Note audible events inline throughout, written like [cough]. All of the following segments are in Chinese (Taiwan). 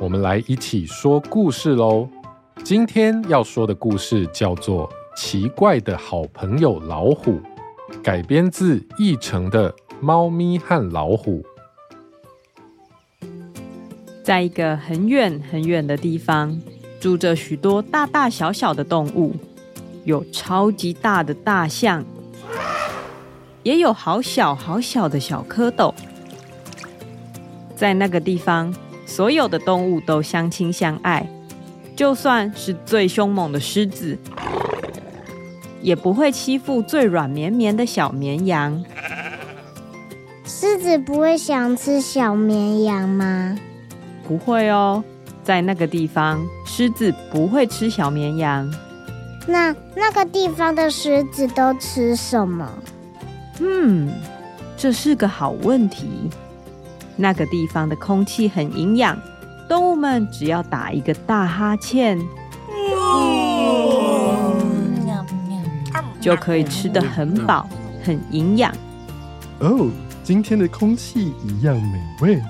我們來一起說故事嘍！今天要說的故事叫做《奇怪的好朋友老虎》，改編自奕澄的《貓咪和老虎》。在一個很遠很遠的地方，住着許多大大小小的動物，有超級大的大象，也有好小好小的小蝌蚪。在那個地方，所有的動物都相親相愛，就算是最兇猛的獅子，也不會欺負最軟綿綿的小綿羊。獅子不會想吃小綿羊嗎？不會哦，在那個地方，獅子不會吃小綿羊。那那個地方的獅子都吃什麼？嗯，這是個好問題。那個地方的空氣很營養，動物們只要打一個大哈欠，嗯、就可以吃得很飽、嗯、很營養。哦，今天的空氣一樣美味，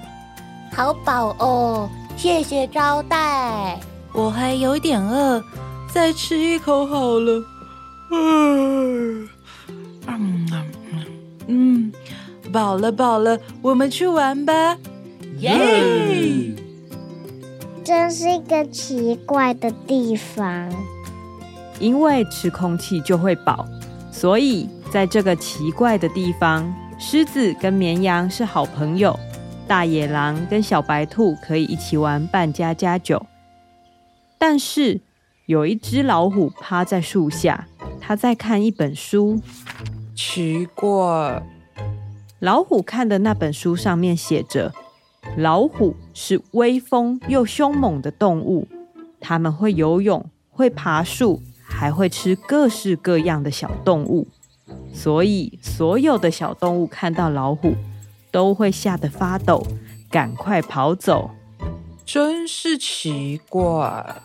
好飽哦！謝謝招待，我還有點餓，再吃一口好了。嗯，嗯嗯。飽了，飽了，我們去玩吧！耶！真是一個奇怪的地方，因為吃空氣就會飽，所以在這個奇怪的地方，獅子跟綿羊是好朋友，大野狼跟小白兔可以一起玩扮家家酒。但是有一隻老虎趴在樹下，他在看一本書，奇怪。老虎看的那本書上面寫着：“老虎是威風又凶猛的動物，他們會游泳，會爬樹，還會吃各式各樣的小動物。所以，所有的小動物看到老虎都會嚇得發抖，趕快跑走。真是奇怪啊。”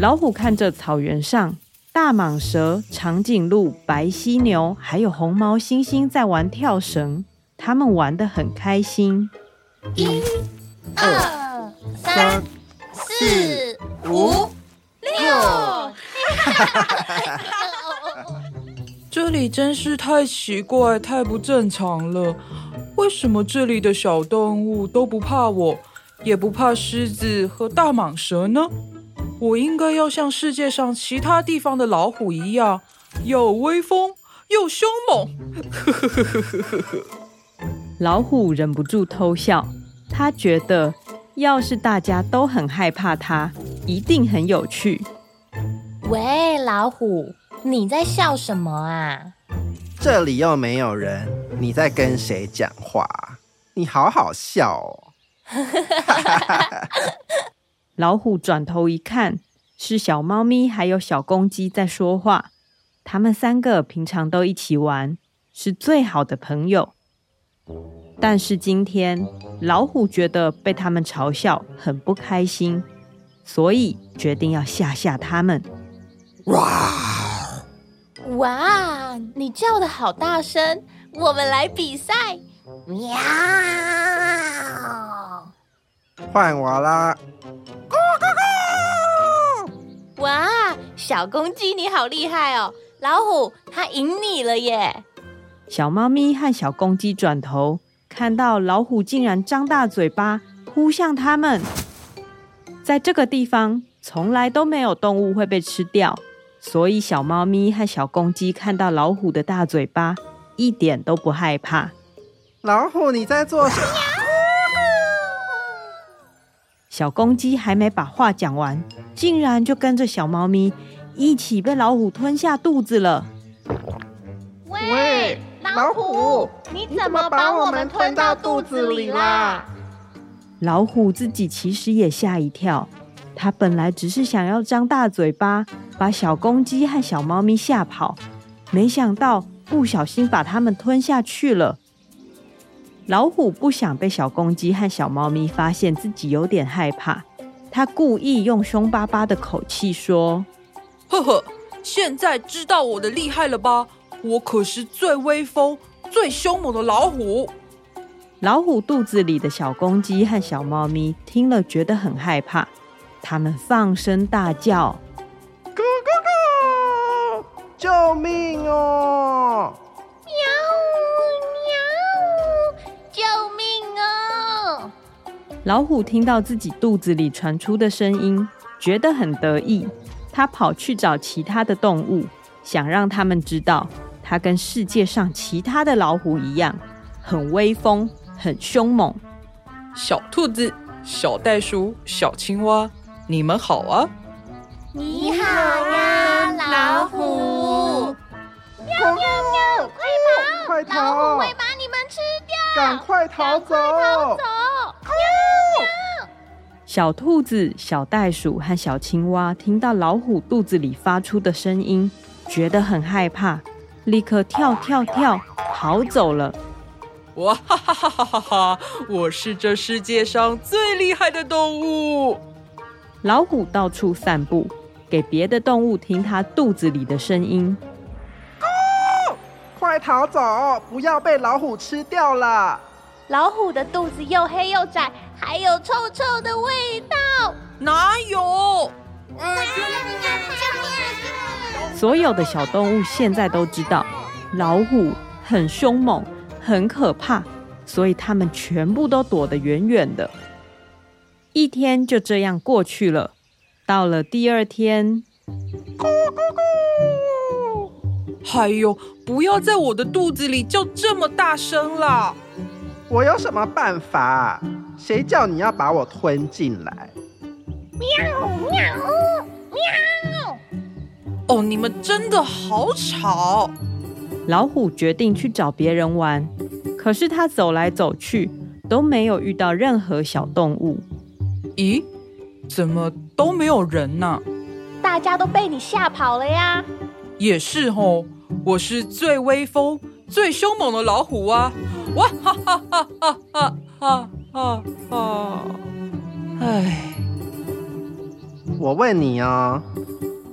老虎看着草原上。大蟒蛇、長頸鹿、白犀牛，還有紅毛猩猩在玩跳繩，他們玩得很開心。一、二、二三、四、四五、六。哦、 [laughs] 這裡真是太奇怪、太不正常了。為什麼這裡的小動物都不怕我，也不怕獅子和大蟒蛇呢？我應該要像世界上其他地方的老虎一樣，又威風又凶猛。 [laughs] 老虎忍不住偷笑，他覺得要是大家都很害怕他，一定很有趣。喂，老虎，你在笑什麼啊？這裡又沒有人，你在跟誰講話？你好好笑哦。 [laughs] 老虎轉頭一看，是小貓咪還有小公雞在說話。他們三個平常都一起玩，是最好的朋友。但是今天老虎覺得被他們嘲笑，很不開心，所以決定要嚇嚇他們。哇！哇！你叫得好大聲，我們來比賽。喵！換我啦！哇，小公雞你好厲害哦！老虎它贏你了耶！小貓咪和小公雞轉頭看到老虎竟然張大嘴巴撲向他們，在這個地方從來都沒有動物會被吃掉，所以小貓咪和小公雞看到老虎的大嘴巴一點都不害怕。老虎，你在做什麼？小公雞還沒把話講完，竟然就跟着小貓咪一起被老虎吞下肚子了。喂，老虎，你怎麼把我們吞到肚子裡啦？老虎自己其實也嚇一跳，它本來只是想要張大嘴巴把小公雞和小貓咪嚇跑，沒想到不小心把它們吞下去了。老虎不想被小公雞和小貓咪發現自己有點害怕，他故意用凶巴巴的口氣說：“呵呵，現在知道我的厲害了吧？我可是最威風、最凶猛的老虎。”老虎肚子裡的小公雞和小貓咪聽了覺得很害怕，他們放聲大叫：“哥哥哥，救命哦！”老虎聽到自己肚子裡傳出的聲音，覺得很得意。它跑去找其他的動物，想讓他們知道它跟世界上其他的老虎一樣，很威風，很凶猛。小兔子、小袋鼠、小青蛙，你們好啊！你好呀，老虎！喵喵喵，快跑，哦，快逃！老虎會把你們吃掉！趕快逃走！小兔子、小袋鼠和小青蛙聽到老虎肚子裡發出的聲音，覺得很害怕，立刻跳跳跳逃走了。哇哈哈哈哈哈哈！我是這世界上最厲害的動物。老虎到處散步，給別的動物聽它肚子裡的聲音。哦，快逃走！不要被老虎吃掉了。老虎的肚子又黑又窄。還有臭臭的味道？哪有？ [laughs] 所有的小動物現在都知道，老虎很兇猛，很可怕，所以他們全部都躲得遠遠的。一天就這樣過去了，到了第二天，咕咕咕，還有，不要在我的肚子裡叫這麼大聲了。我有什麼辦法啊？誰叫你要把我吞進來？喵喵喵！喵喵哦，你們真的好吵！老虎決定去找別人玩，可是他走來走去都沒有遇到任何小動物。咦？怎麼都沒有人呢啊？大家都被你嚇跑了呀！也是哦，我是最威風、最兇猛的老虎啊！哇哈哈哈哈哈哈哈，哎，哈哈哈唉我問你啊、哦，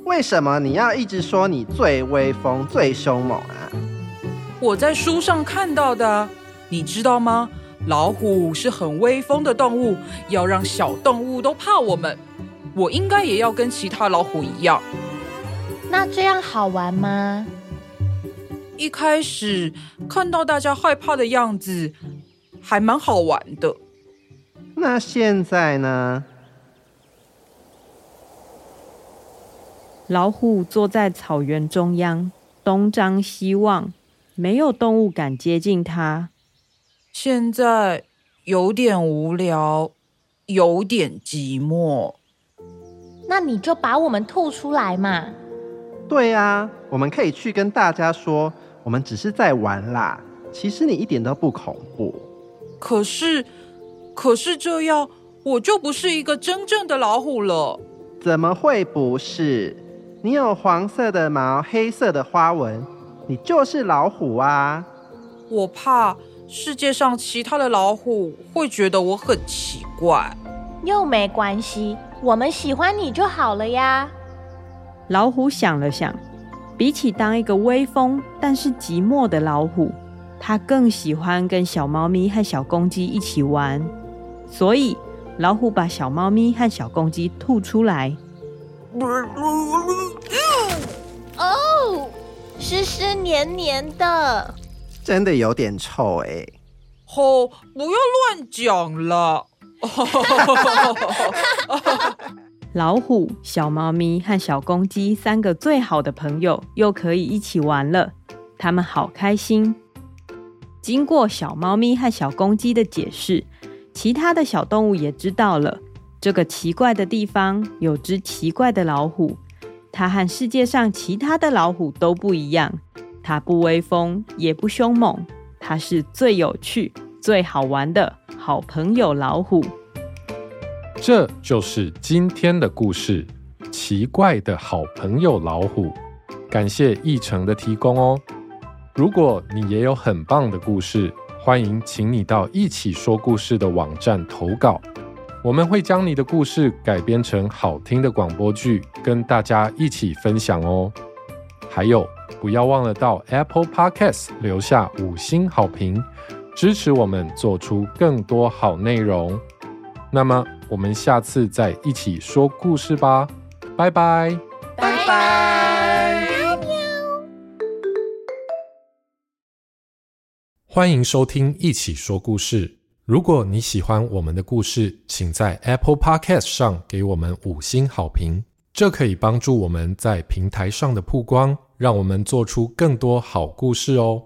為什麼你要一直說你最威風、最兇猛啊？我在書上看到的，你知道嗎？老虎是很威風的動物，要讓小動物都怕我們。我應該也要跟其他老虎一樣。那這樣好玩嗎？一開始看到大家害怕的樣子，還蠻好玩的。那現在呢？老虎坐在草原中央，東張西望，沒有動物敢接近它。現在有點無聊，有點寂寞。那你就把我們吐出來嘛！對啊，我們可以去跟大家說，我們只是在玩啦。其實你一點都不恐怖。可是，可是這樣我就不是一個真正的老虎了。怎麼會不是？你有黃色的毛，黑色的花紋，你就是老虎啊。我怕世界上其他的老虎會覺得我很奇怪。又沒關係，我們喜歡你就好了呀。老虎想了想，比起當一個威風但是寂寞的老虎，它更喜歡跟小貓咪和小公雞一起玩。所以，老虎把小貓咪和小公雞吐出來。哦，濕濕黏黏的，真的有點臭哎、欸！吼、哦，不要亂講了。 [laughs] [laughs] 老虎、小貓咪和小公雞三個最好的朋友又可以一起玩了，他們好開心。經過小貓咪和小公雞的解釋，其他的小動物也知道了，這個奇怪的地方有只奇怪的老虎，它和世界上其他的老虎都不一樣，它不威風也不兇猛，它是最有趣、最好玩的好朋友老虎。這就是今天的故事，奇怪的好朋友老虎。感謝奕澄的提供哦。如果你也有很棒的故事，歡迎請你到一起說故事的網站投稿，我們會將你的故事改編成好聽的廣播劇，跟大家一起分享哦。還有，不要忘了到 Apple Podcast 留下五星好評，支持我們做出更多好內容。那麼。我們下次再一起說故事吧，拜拜，拜拜，歡迎收聽《一起說故事》。如果你喜歡我們的故事，請在 Apple Podcast 上給我們五星好評，這可以幫助我們在平台上的曝光，讓我們做出更多好故事哦。